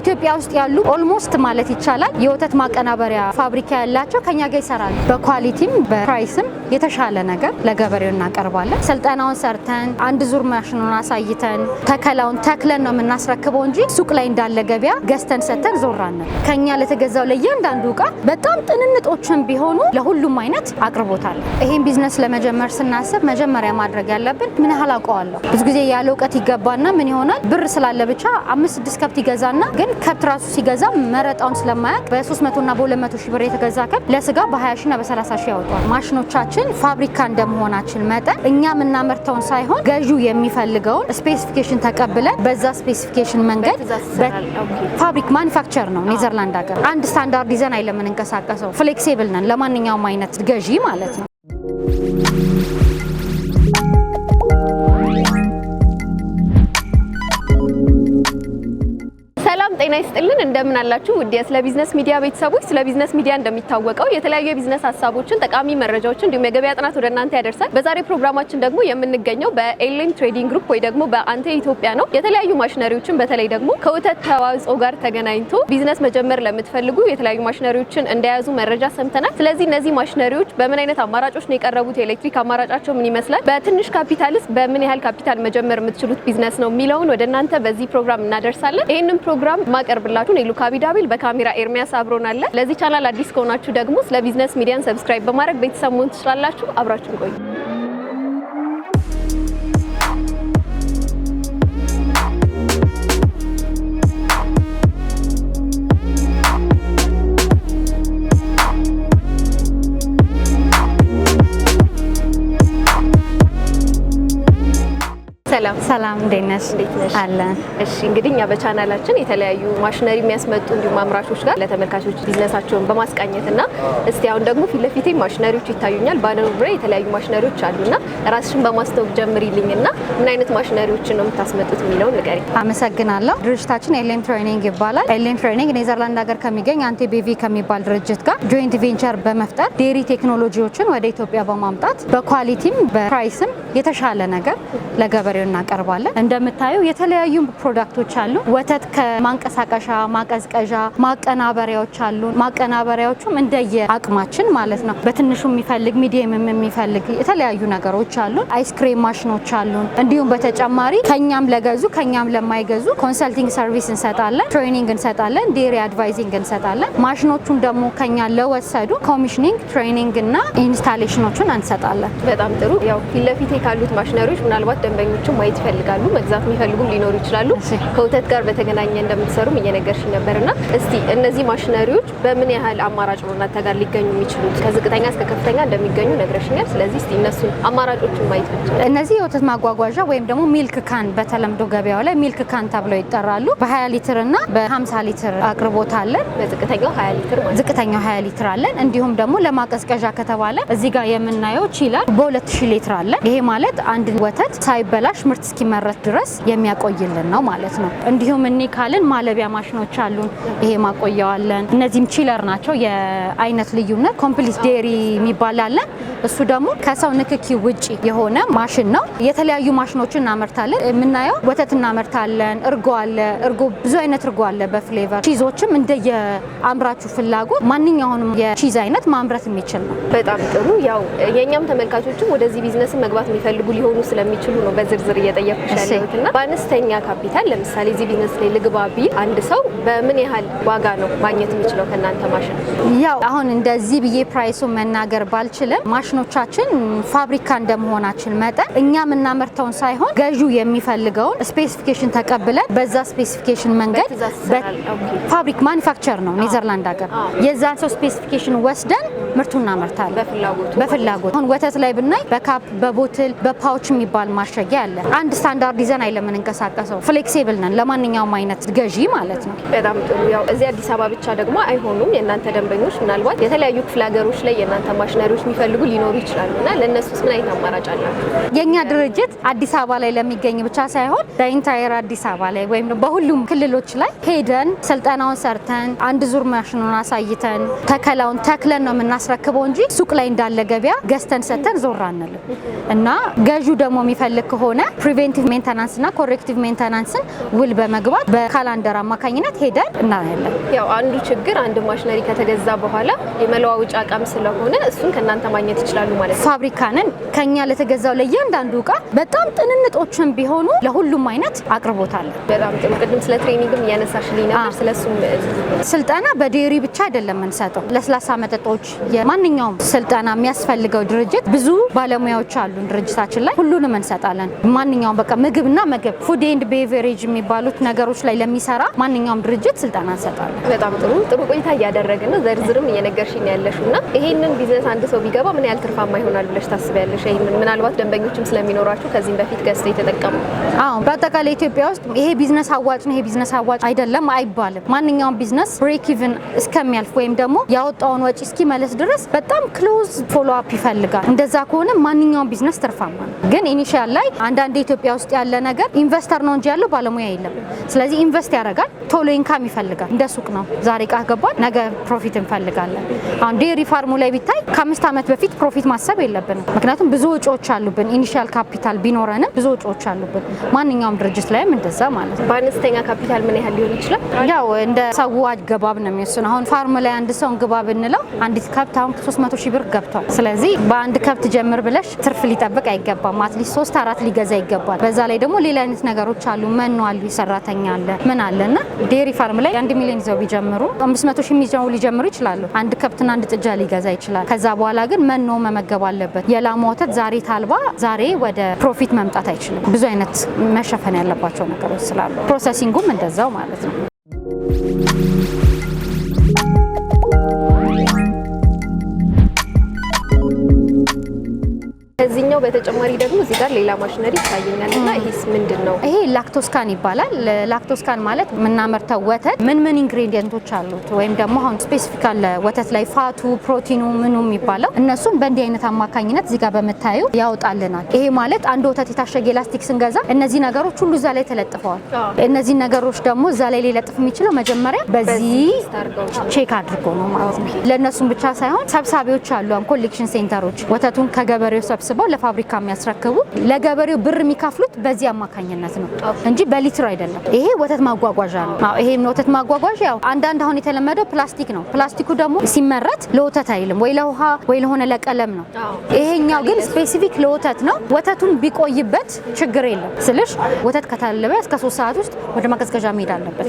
ኢትዮጵያ ውስጥ ያሉ ኦልሞስት ማለት ይቻላል የወተት ማቀናበሪያ ፋብሪካ ያላቸው ከኛ ጋር ይሰራሉ። በኳሊቲም በፕራይስም የተሻለ ነገር ለገበሬው እናቀርባለን። ስልጠናውን ሰርተን አንድ ዙር ማሽኑን አሳይተን ተከላውን ተክለን ነው የምናስረክበው እንጂ ሱቅ ላይ እንዳለ ገበያ ገዝተን ሰተን ዞራነን ከኛ ለተገዛው ለእያንዳንዱ እቃ በጣም ጥንንጦችን ቢሆኑ ለሁሉም አይነት አቅርቦታል። ይህን ቢዝነስ ለመጀመር ስናስብ መጀመሪያ ማድረግ ያለብን ምን ያህል አውቀዋለሁ። ብዙ ጊዜ ያለ እውቀት ይገባና ምን ይሆናል ብር ስላለ ብቻ አምስት ስድስት ከብት ይገዛና ግን ከብት ራሱ ሲገዛ መረጣውን ስለማያውቅ በ300 እና በ200 ሺህ ብር የተገዛ ከብት ለስጋ በ20 ሺና በ30 ሺህ ያወጧል። ማሽኖቻችን ስራችን ፋብሪካ እንደመሆናችን መጠን እኛ የምናመርተውን ሳይሆን ገዢው የሚፈልገውን ስፔሲፊኬሽን ተቀብለን በዛ ስፔሲፊኬሽን መንገድ ፋብሪክ ማኒፋክቸር ነው። ኔዘርላንድ ሀገር አንድ ስታንዳርድ ይዘን አይለምንንቀሳቀሰው ፍሌክሲብል ነን ለማንኛውም አይነት ገዢ ማለት ነው። ይስጥልን እንደምን አላችሁ ውድ ስለ ቢዝነስ ሚዲያ ቤተሰቦች። ስለ ቢዝነስ ሚዲያ እንደሚታወቀው የተለያዩ የቢዝነስ ሀሳቦችን፣ ጠቃሚ መረጃዎችን እንዲሁም የገበያ ጥናት ወደ እናንተ ያደርሳል። በዛሬ ፕሮግራማችን ደግሞ የምንገኘው በኤልኤም ትሬዲንግ ግሩፕ ወይ ደግሞ በአንተ ኢትዮጵያ ነው። የተለያዩ ማሽነሪዎችን በተለይ ደግሞ ከወተት ተዋጽኦ ጋር ተገናኝቶ ቢዝነስ መጀመር ለምትፈልጉ የተለያዩ ማሽነሪዎችን እንደያዙ መረጃ ሰምተናል። ስለዚህ እነዚህ ማሽነሪዎች በምን አይነት አማራጮች ነው የቀረቡት፣ የኤሌክትሪክ አማራጫቸው ምን ይመስላል፣ በትንሽ ካፒታልስ በምን ያህል ካፒታል መጀመር የምትችሉት ቢዝነስ ነው የሚለውን ወደ እናንተ በዚህ ፕሮግራም እናደርሳለን። ይህንን ፕሮግራም ማቀር የምናቀርብላችሁ ነው። ሉካ ቢዳቢል በካሜራ ኤርሚያስ አብሮናለ። ለዚህ ቻናል አዲስ ከሆናችሁ ደግሞ ስለ ቢዝነስ ሚዲያን ሰብስክራይብ በማድረግ ቤተሰብ መሆን ትችላላችሁ። አብራችሁን ቆዩ። ሰላም ሰላም እንዴት ነሽ? አለን። እሺ እንግዲህ እኛ በቻናላችን የተለያዩ ማሽነሪ የሚያስመጡ እንዲሁም አምራቾች ጋር ለተመልካቾች ቢዝነሳቸውን በማስቃኘት እና እስቲ አሁን ደግሞ ፊት ለፊቴ ማሽነሪዎች ይታዩኛል። ባነሩ ላይ የተለያዩ ማሽነሪዎች አሉና ራስሽን በማስተዋወቅ ጀምሪልኝ እና ምን አይነት ማሽነሪዎችን ነው የምታስመጡት የሚለውን ንገሪ። አመሰግናለሁ። ድርጅታችን ኤሌን ትሬኒንግ ይባላል። ኤሌን ትሬኒንግ ኔዘርላንድ ሀገር ከሚገኝ አንቴ ቤቪ ከሚባል ድርጅት ጋር ጆይንት ቬንቸር በመፍጠር ዴሪ ቴክኖሎጂዎችን ወደ ኢትዮጵያ በማምጣት በኳሊቲም በፕራይስም የተሻለ ነገር ለገበሬው እናቀርባለን። እናቀርባለን። እንደምታየው የተለያዩ ፕሮዳክቶች አሉ። ወተት ከማንቀሳቀሻ ማቀዝቀዣ፣ ማቀናበሪያዎች አሉ። ማቀናበሪያዎቹም እንደየ አቅማችን ማለት ነው። በትንሹ የሚፈልግ ሚዲየምም የሚፈልግ የተለያዩ ነገሮች አሉ። አይስክሬም ማሽኖች አሉን። እንዲሁም በተጨማሪ ከኛም ለገዙ ከኛም ለማይገዙ ኮንሰልቲንግ ሰርቪስ እንሰጣለን፣ ትሬኒንግ እንሰጣለን፣ ዴሪ አድቫይዚንግ እንሰጣለን። ማሽኖቹን ደግሞ ከኛ ለወሰዱ ኮሚሽኒንግ፣ ትሬኒንግ እና ኢንስታሌሽኖቹን እንሰጣለን። በጣም ጥሩ። ያው ፊት ካሉት ማሽነሪዎች ምናልባት ደንበኞቹ ማየት ይፈልጋሉ፣ መግዛት የሚፈልጉም ሊኖሩ ይችላሉ። ከወተት ጋር በተገናኘ እንደምትሰሩም እየነገርሽኝ ነበርና እስቲ እነዚህ ማሽነሪዎች በምን ያህል አማራጭ ነው እናንተ ጋር ሊገኙ የሚችሉት? ከዝቅተኛ እስከ ከፍተኛ እንደሚገኙ ነግረሽኛል። ስለዚህ እስቲ እነሱን አማራጮችን ማየት ብቻ። እነዚህ የወተት ማጓጓዣ ወይም ደግሞ ሚልክ ካን በተለምዶ ገበያው ላይ ሚልክ ካን ተብለው ይጠራሉ። በ20 ሊትር እና በ50 ሊትር አቅርቦት አለን። በዝቅተኛው 20 ሊትር ማለት ዝቅተኛው 20 ሊትር አለን። እንዲሁም ደግሞ ለማቀዝቀዣ ከተባለ እዚህ ጋር የምናየው ቺላል በ2000 ሊትር አለን። ይሄ ማለት አንድ ወተት ሳይበላሽ ምርት እስኪመረት ድረስ የሚያቆይልን ነው ማለት ነው። እንዲሁም እኔ ካልን ማለቢያ ማሽኖች አሉን። ይሄ ማቆየዋለን። እነዚህም ቺለር ናቸው። የአይነት ልዩነት ኮምፕሊት ዴሪ የሚባል አለን። እሱ ደግሞ ከሰው ንክኪ ውጪ የሆነ ማሽን ነው። የተለያዩ ማሽኖችን እናመርታለን። የምናየው ወተት እናመርታለን። እርጎ አለ። እርጎ ብዙ አይነት እርጎ አለ በፍሌቨር ቺዞችም እንደየ የአምራቹ ፍላጎት ማንኛውንም የቺዝ አይነት ማምረት የሚችል ነው። በጣም ጥሩ። ያው የእኛም ተመልካቾችም ወደዚህ ቢዝነስ መግባት የሚፈልጉ ሊሆኑ ስለሚችሉ ነው በዝርዝር እየጠየ እየጠየኩሽ ያለሁት እና በአነስተኛ ካፒታል ለምሳሌ እዚህ ቢዝነስ ላይ ልግባ ቢል አንድ ሰው በምን ያህል ዋጋ ነው ማግኘት የሚችለው ከእናንተ ማሽን? ያው አሁን እንደዚህ ብዬ ፕራይሱ መናገር ባልችልም ማሽኖቻችን ፋብሪካ እንደመሆናችን መጠን እኛ የምናመርተውን ሳይሆን ገዢው የሚፈልገውን ስፔሲፊኬሽን ተቀብለን በዛ ስፔሲፊኬሽን መንገድ ፋብሪክ ማኒፋክቸር ነው ኔዘርላንድ ሀገር የዛን ሰው ስፔሲፊኬሽን ወስደን ምርቱ እናመርታለን። በፍላጎት አሁን ወተት ላይ ብናይ በካፕ በቦትል በፓውች የሚባል ማሸጊያ አለ አንድ ስታንዳርድ ይዘን አይደለም የምንንቀሳቀሰው። ፍሌክሲብል ነን ለማንኛውም አይነት ገዢ ማለት ነው። በጣም ጥሩ። ያው እዚህ አዲስ አበባ ብቻ ደግሞ አይሆኑም። የእናንተ ደንበኞች ምናልባት የተለያዩ ክፍለ ሀገሮች ላይ የእናንተ ማሽነሪዎች የሚፈልጉ ሊኖሩ ይችላሉ እና ለእነሱስ ምን አይነት አማራጭ አላቸው? የእኛ ድርጅት አዲስ አበባ ላይ ለሚገኝ ብቻ ሳይሆን በኢንታየር አዲስ አበባ ላይ ወይም በሁሉም ክልሎች ላይ ሄደን ስልጠናውን ሰርተን አንድ ዙር ማሽኑን አሳይተን ተከላውን ተክለን ነው የምናስረክበው እንጂ ሱቅ ላይ እንዳለ ገበያ ገዝተን ሰጥተን ዞር አንልም እና ገዢው ደግሞ የሚፈልግ ከሆነ ፕሪቬንቲቭ ሜንተናንስ እና ኮሬክቲቭ ሜንተናንስን ውል በመግባት በካላንደር አማካኝነት ሄደን እናያለን። ያው አንዱ ችግር አንድ ማሽነሪ ከተገዛ በኋላ የመለዋወጫ እቃም ስለሆነ እሱን ከእናንተ ማግኘት ይችላሉ ማለት ነው። ፋብሪካንን ከኛ ለተገዛው ለእያንዳንዱ እቃ በጣም ጥንንጦችን ቢሆኑ ለሁሉም አይነት አቅርቦት አለ። በጣም ጥሩ። ቅድም ስለ ትሬኒንግም እያነሳሽልኝ ነበር። ስለሱም ስልጠና በዴሪ ብቻ አይደለም የምንሰጠው። ለስላሳ መጠጦች፣ የማንኛውም ስልጠና የሚያስፈልገው ድርጅት ብዙ ባለሙያዎች አሉን ድርጅታችን ላይ ሁሉንም እንሰጣለን። ማንኛውም ማንኛውም በቃ ምግብና ምግብ ፉድ ኤንድ ቤቨሬጅ የሚባሉት ነገሮች ላይ ለሚሰራ ማንኛውም ድርጅት ስልጠና እንሰጣለን። በጣም ጥሩ ጥሩ ቆይታ እያደረግን ነው። እየነገርሽኝ ያለሽ እና ይሄንን ቢዝነስ አንድ ሰው ቢገባ ምን ያህል ትርፋማ ይሆናል ብለሽ ታስቢያለሽ? ይሄንን ምናልባት ደንበኞችም ስለሚኖራቸው ከዚህም በፊት ገዝተው የተጠቀሙ አዎ፣ በአጠቃላይ ኢትዮጵያ ውስጥ ይሄ ቢዝነስ አዋጭ ነው፣ ይሄ ቢዝነስ አዋጭ አይደለም አይባልም። ማንኛውም ቢዝነስ ብሬክ ኢቭን እስከሚያልፍ ወይም ደግሞ ያወጣውን ወጪ እስኪመለስ ድረስ በጣም ክሎዝ ፎሎ አፕ ይፈልጋል። እንደዛ ከሆነ ማንኛውም ቢዝነስ ትርፋማ ነው። ግን ኢኒሺያል ላይ አንዳንድ ኢትዮጵያ ውስጥ ያለ ነገር ኢንቨስተር ነው እንጂ ያለው ባለሙያ የለም። ስለዚህ ኢንቨስት ያደርጋል፣ ቶሎ ኢንካም ይፈልጋል። እንደ ሱቅ ነው። ዛሬ ቃ ገባል፣ ነገ ፕሮፊት እንፈልጋለን። አሁን ዴሪ ፋርሙ ላይ ቢታይ ከአምስት ዓመት በፊት ፕሮፊት ማሰብ የለብንም። ምክንያቱም ብዙ ወጪዎች አሉብን። ኢኒሻል ካፒታል ቢኖረንም ብዙ ወጪዎች አሉብን። ማንኛውም ድርጅት ላይም እንደዛ ማለት ነው። በአነስተኛ ካፒታል ምን ያህል ሊሆን ይችላል? ያው እንደ ሰው አገባብ ነው የሚወስነው። አሁን ፋርም ላይ አንድ ሰው ግባ ብንለው አንዲት ከብት አሁን 300 ሺህ ብር ገብቷል። ስለዚህ በአንድ ከብት ጀምር ብለሽ ትርፍ ሊጠብቅ አይገባም። አትሊስት ሶስት አራት ሊገዛ ይገባል። ይገባል። በዛ ላይ ደግሞ ሌላ አይነት ነገሮች አሉ። መኖ አሉ፣ ሰራተኛ አለ፣ ምን አለ እና ዴሪ ፋርም ላይ አንድ ሚሊዮን ይዘው ቢጀምሩ አምስት መቶ ሺህ የሚዘው ሊጀምሩ ይችላሉ። አንድ ከብትና አንድ ጥጃ ሊገዛ ይችላል። ከዛ በኋላ ግን መኖ መመገብ አለበት። የላም ወተት ዛሬ ታልባ ዛሬ ወደ ፕሮፊት መምጣት አይችልም። ብዙ አይነት መሸፈን ያለባቸው ነገሮች ስላሉ ፕሮሰሲንጉም እንደዛው ማለት ነው። በተጨማሪ ደግሞ እዚህ ጋር ሌላ ማሽነሪ ይታየኛል እና ይሄስ ምንድን ነው? ይሄ ላክቶስካን ይባላል። ላክቶስካን ማለት የምናመርተው ወተት ምን ምን ኢንግሬዲየንቶች አሉት ወይም ደግሞ አሁን ስፔሲፊካል ወተት ላይ ፋቱ፣ ፕሮቲኑ፣ ምኑ የሚባለው እነሱን በእንዲህ አይነት አማካኝነት እዚህ ጋር በምታዩ ያወጣልናል። ይሄ ማለት አንድ ወተት የታሸገ ኤላስቲክ ስንገዛ እነዚህ ነገሮች ሁሉ እዛ ላይ ተለጥፈዋል። እነዚህ ነገሮች ደግሞ እዛ ላይ ሊለጥፍ የሚችለው መጀመሪያ በዚህ ቼክ አድርጎ ነው ማለት ነው። ለእነሱም ብቻ ሳይሆን ሰብሳቢዎች አሉ፣ ኮሌክሽን ሴንተሮች ወተቱን ከገበሬው ሰብስበው ለፋብሪ ለፋብሪካ የሚያስረክቡ ለገበሬው ብር የሚከፍሉት በዚህ አማካኝነት ነው እንጂ በሊትር አይደለም። ይሄ ወተት ማጓጓዣ ነው። ይሄ ወተት ማጓጓዣ ያው አንዳንድ አሁን የተለመደው ፕላስቲክ ነው። ፕላስቲኩ ደግሞ ሲመረት ለወተት አይልም፣ ወይ ለውሃ ወይ ለሆነ ለቀለም ነው። ይሄኛው ግን ስፔሲፊክ ለወተት ነው። ወተቱን ቢቆይበት ችግር የለም ስልሽ ወተት ከታለበ እስከ ሶስት ሰዓት ውስጥ ወደ ማቀዝቀዣ መሄድ አለበት፣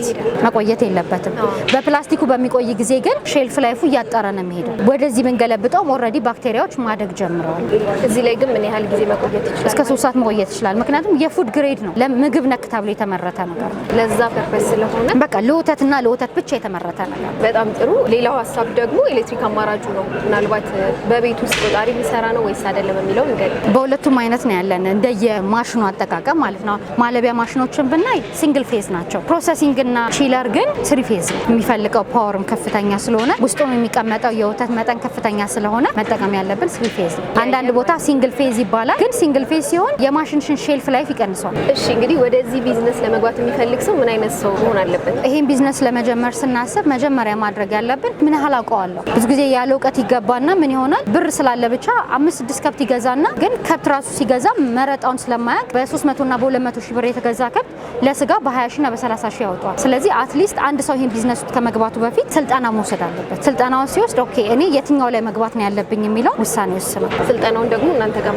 መቆየት የለበትም። በፕላስቲኩ በሚቆይ ጊዜ ግን ሼልፍ ላይፉ እያጠረ ነው የሚሄደው። ወደዚህ ብንገለብጠውም ኦልሬዲ ባክቴሪያዎች ማደግ ጀምረዋል። እዚህ ላይ ግን ምን ያህል ያህል ጊዜ መቆየት ይችላል? እስከ ሶስት ሰዓት መቆየት ይችላል። ምክንያቱም የፉድ ግሬድ ነው፣ ለምግብ ነክ ተብሎ የተመረተ ነገር ነው። ለዛ ፐርፐስ ስለሆነ በቃ ለወተትና ለወተት ብቻ የተመረተ ነገር። በጣም ጥሩ። ሌላው ሀሳብ ደግሞ ኤሌክትሪክ አማራጩ ነው። ምናልባት በቤት ውስጥ ቆጣሪ የሚሰራ ነው ወይስ አይደለም የሚለው እንግዲህ በሁለቱም አይነት ነው ያለን፣ እንደየማሽኑ አጠቃቀም ማለት ነው። ማለቢያ ማሽኖችን ብናይ ሲንግል ፌዝ ናቸው። ፕሮሰሲንግና ቺለር ግን ስሪ ፌዝ ነው። የሚፈልገው ፓወርም ከፍተኛ ስለሆነ ውስጡም የሚቀመጠው የወተት መጠን ከፍተኛ ስለሆነ መጠቀም ያለብን ስሪ ፌዝ ነው። አንዳንድ ቦታ ሲንግል ፌዝ ይባላል። ግን ሲንግል ፌስ ሲሆን የማሽንሽን ሼልፍ ላይፍ ይቀንሷል። እሺ እንግዲህ ወደዚህ ቢዝነስ ለመግባት የሚፈልግ ሰው ምን አይነት ሰው መሆን አለበት? ይሄን ቢዝነስ ለመጀመር ስናስብ መጀመሪያ ማድረግ ያለብን ምን ያህል አውቀዋለሁ። ብዙ ጊዜ ያለ እውቀት ይገባና ምን ይሆናል ብር ስላለ ብቻ አምስት ስድስት ከብት ይገዛና ግን ከብት ራሱ ሲገዛ መረጣውን ስለማያውቅ በ 3 እና በ200 ሺህ ብር የተገዛ ከብት ለስጋ በ20 ሺህ እና በ30 ሺህ ስለዚህ አትሊስት አንድ ሰው ይህን ቢዝነስ ውስጥ ከመግባቱ በፊት ስልጠና መውሰድ አለበት። ስልጠናውን ሲወስድ ኦኬ እኔ የትኛው ላይ መግባት ነው ያለብኝ የሚለው ውሳኔ ውስጥ ነው። ስልጠናውን ደግሞ እናንተ ጋር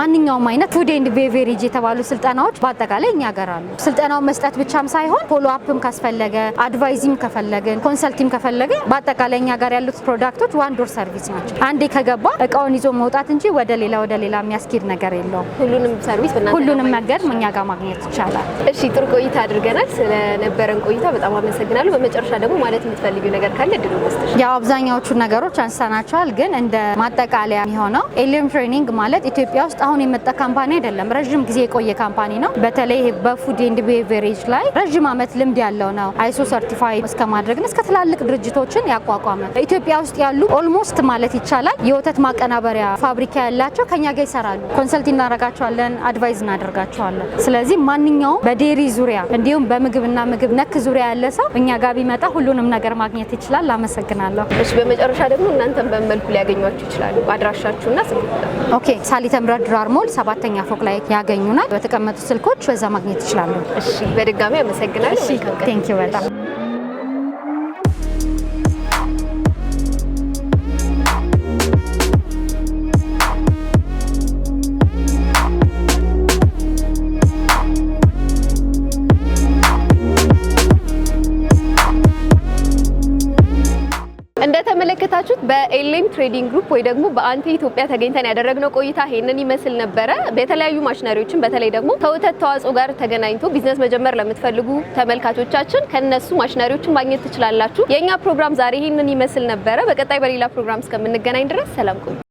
ማንኛውም አይነት ፉድ ኤንድ ቤቬሬጅ የተባሉ ስልጠናዎች በአጠቃላይ እኛ ጋር አሉ። ስልጠናውን መስጠት ብቻም ሳይሆን ፎሎ አፕም ካስፈለገ፣ አድቫይዚም ከፈለግን፣ ኮንሰልቲም ከፈለግን በአጠቃላይ እኛ ጋር ያሉት ፕሮዳክቶች ዋን ዶር ሰርቪስ ናቸው። አንዴ ከገባ እቃውን ይዞ መውጣት እንጂ ወደ ሌላ ወደ ሌላ የሚያስኬድ ነገር የለውም። ሁሉንም ሰርቪስ ሁሉንም ነገር እኛ ጋር ማግኘት ይቻላል። እሺ ጥሩ ቆይታ አድርገናል። ስለነበረን ቆይታ በጣም አመሰግናለሁ። በመጨረሻ ደግሞ ማለት የምትፈልጊው ነገር ካለ ድሉ መስጥሽ። ያው አብዛኛዎቹን ነገሮች አንስተናቸዋል፣ ግን እንደ ማጠቃለያ የሚሆነው ኤሊየም ትሬኒንግ ማለት ኢትዮጵያ ኢትዮጵያ ውስጥ አሁን የመጣ ካምፓኒ አይደለም። ረዥም ጊዜ የቆየ ካምፓኒ ነው። በተለይ በፉድ ኤንድ ቤቨሬጅ ላይ ረዥም ዓመት ልምድ ያለው ነው። አይሶ ሰርቲፋይ እስከ ማድረግና እስከ ትላልቅ ድርጅቶችን ያቋቋመ ኢትዮጵያ ውስጥ ያሉ ኦልሞስት ማለት ይቻላል የወተት ማቀናበሪያ ፋብሪካ ያላቸው ከኛ ጋር ይሰራሉ። ኮንሰልት እናደርጋቸዋለን፣ አድቫይዝ እናደርጋቸዋለን። ስለዚህ ማንኛውም በዴሪ ዙሪያ እንዲሁም በምግብና ምግብ ነክ ዙሪያ ያለ ሰው እኛ ጋር ቢመጣ ሁሉንም ነገር ማግኘት ይችላል። አመሰግናለሁ። በመጨረሻ ደግሞ እናንተን በመልኩ መልኩ ሊያገኟችሁ ይችላሉ? አድራሻችሁና ስልክ ኦኬ ሳሊት የተምረት ድራር ሞል ሰባተኛ ፎቅ ላይ ያገኙናል። በተቀመጡ ስልኮች በዛ ማግኘት ይችላሉ። በድጋሚ አመሰግናለሁ። ቴንኪው በጣም በኤልኤም ትሬዲንግ ግሩፕ ወይ ደግሞ በአንቲ ኢትዮጵያ ተገኝተን ያደረግነው ቆይታ ይሄንን ይመስል ነበረ። በተለያዩ ማሽነሪዎችን በተለይ ደግሞ ከወተት ተዋጽኦ ጋር ተገናኝቶ ቢዝነስ መጀመር ለምትፈልጉ ተመልካቾቻችን ከነሱ ማሽነሪዎችን ማግኘት ትችላላችሁ። የእኛ ፕሮግራም ዛሬ ይሄንን ይመስል ነበረ። በቀጣይ በሌላ ፕሮግራም እስከምንገናኝ ድረስ ሰላም ቆዩ።